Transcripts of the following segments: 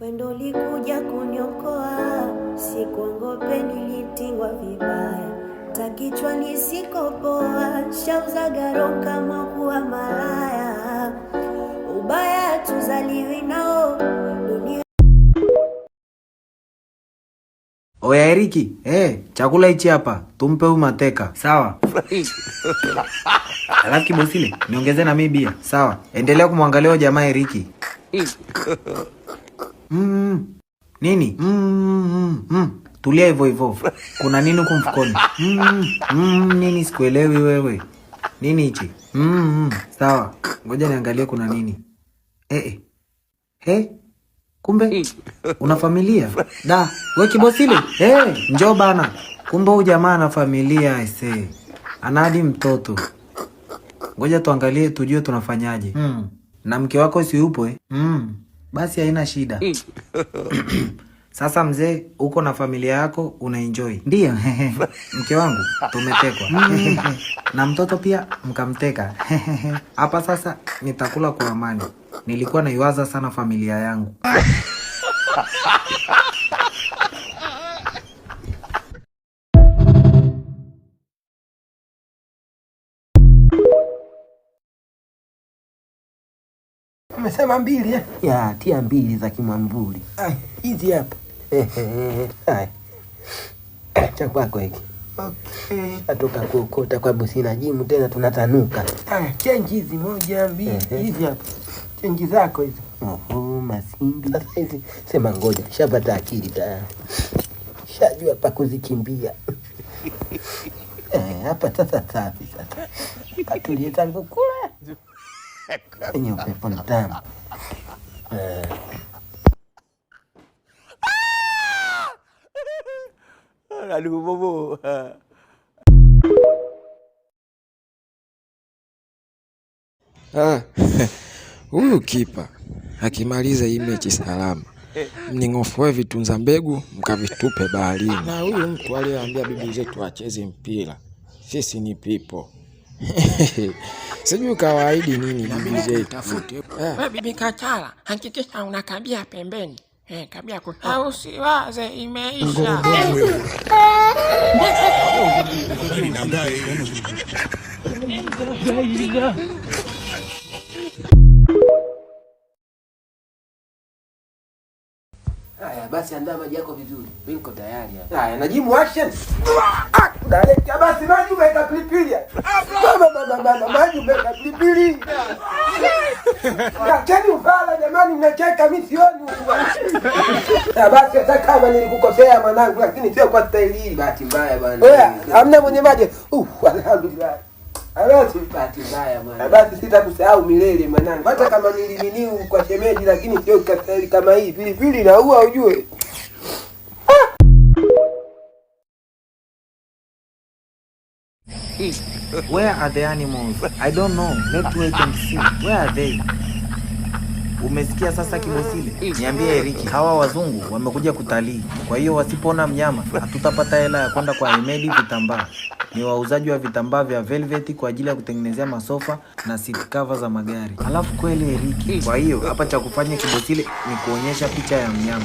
Wendo ulikuja kuniokoa, sikuongope nilitingwa vibaya, takichwa nisikopoa, shauzagaro kama kuwa malaya, ubaya tuzaliwi nao dunia. Oya Eriki, eh, chakula hichi hapa tumpe huyu mateka, sawa? Alafu kibosile niongeze na mimi bia, sawa? Endelea kumwangalia jamaa Eriki Mm-hmm. nini mm-hmm. Tulia hivo hivo kuna nini huku mfukoni? Mm-hmm. nini? Sikuelewi wewe, nini hichi? Sawa, ngoja niangalie kuna nini. Eh, eh. kumbe una familia da we kibosile. Hey, njoo bana, kumbe huyu jamaa ana familia aise, mtoto. Ngoja tuangalie tujue tunafanyaje. Hmm. na mke wako si eh? Hmm basi haina shida. Mm. Sasa mzee, uko na familia yako unaenjoy. Ndio mke wangu tumetekwa na mtoto pia mkamteka hapa. Sasa nitakula kwa amani, nilikuwa naiwaza sana familia yangu Umesema mbili eh? Ya, tia mbili za Kimwambuli. Ah, hizi hapa. Eh, Cha kwako hiki. Okay. Atoka kuokota kwa busina jimu tena tunatanuka. Ah, chenji hizi moja mbili hizi hapa. Chenji zako hizo. Oho, masimbi. Sasa hizi sema ngoja, shapata akili ta. Shajua pa kuzikimbia. Eh, hapa sasa safi sasa. tangu kula. Inyo eh. Ah. ah. Huyu kipa akimaliza hii mechi salama, mning'ofue vitunza mbegu mkavitupe baharini. Na huyu mtu aliyeambia bibi zetu acheze mpira, sisi ni pipo Sijui kawaidi nini bibi zetu. Eh. Wewe bibi Kachala, hakikisha unakabia pembeni. Eh, kabia kwa. Au siwaze imeisha. Haya basi, andaa maji yako vizuri. Mimi niko tayari hapa. Haya, najimu action. Ah! Direct basi maji umeweka pilipili. Baba baba baba maji umeweka pilipili. Lakini ubala jamani mnacheka mimi sioni Na basi hata kama nilikukosea mwanangu lakini sio kwa staili hii bahati mbaya bwana. Oya, hamna mwenye maji. Uh, alhamdulillah. Basi sitakusahau milele mwanangu. Hata kama nilininiu kwa shemeji lakini sio kwa staili kama hii. Pilipili naua ujue. eat. Where are the animals? I don't know. Let's wait and see. Where are they? Umesikia sasa Kibosile? Niambie Eriki, hawa wazungu wamekuja kutalii, kwa hiyo wasipona mnyama hatutapata hela ya kwenda kwa Emedi vitambaa. Ni wauzaji wa vitambaa vya velveti kwa ajili ya kutengenezea masofa na seat cover za magari. Alafu kweli Eriki, kwa hiyo hapa cha kufanya Kibosile ni kuonyesha picha ya mnyama.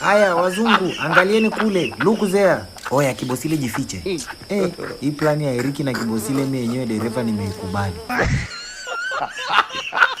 Haya wazungu, angalieni kule, look there. Oya Kibosile, jifiche. hey, hmm. eh, hii plani ya Eriki na Kibosile, mimi yenyewe dereva nimeikubali.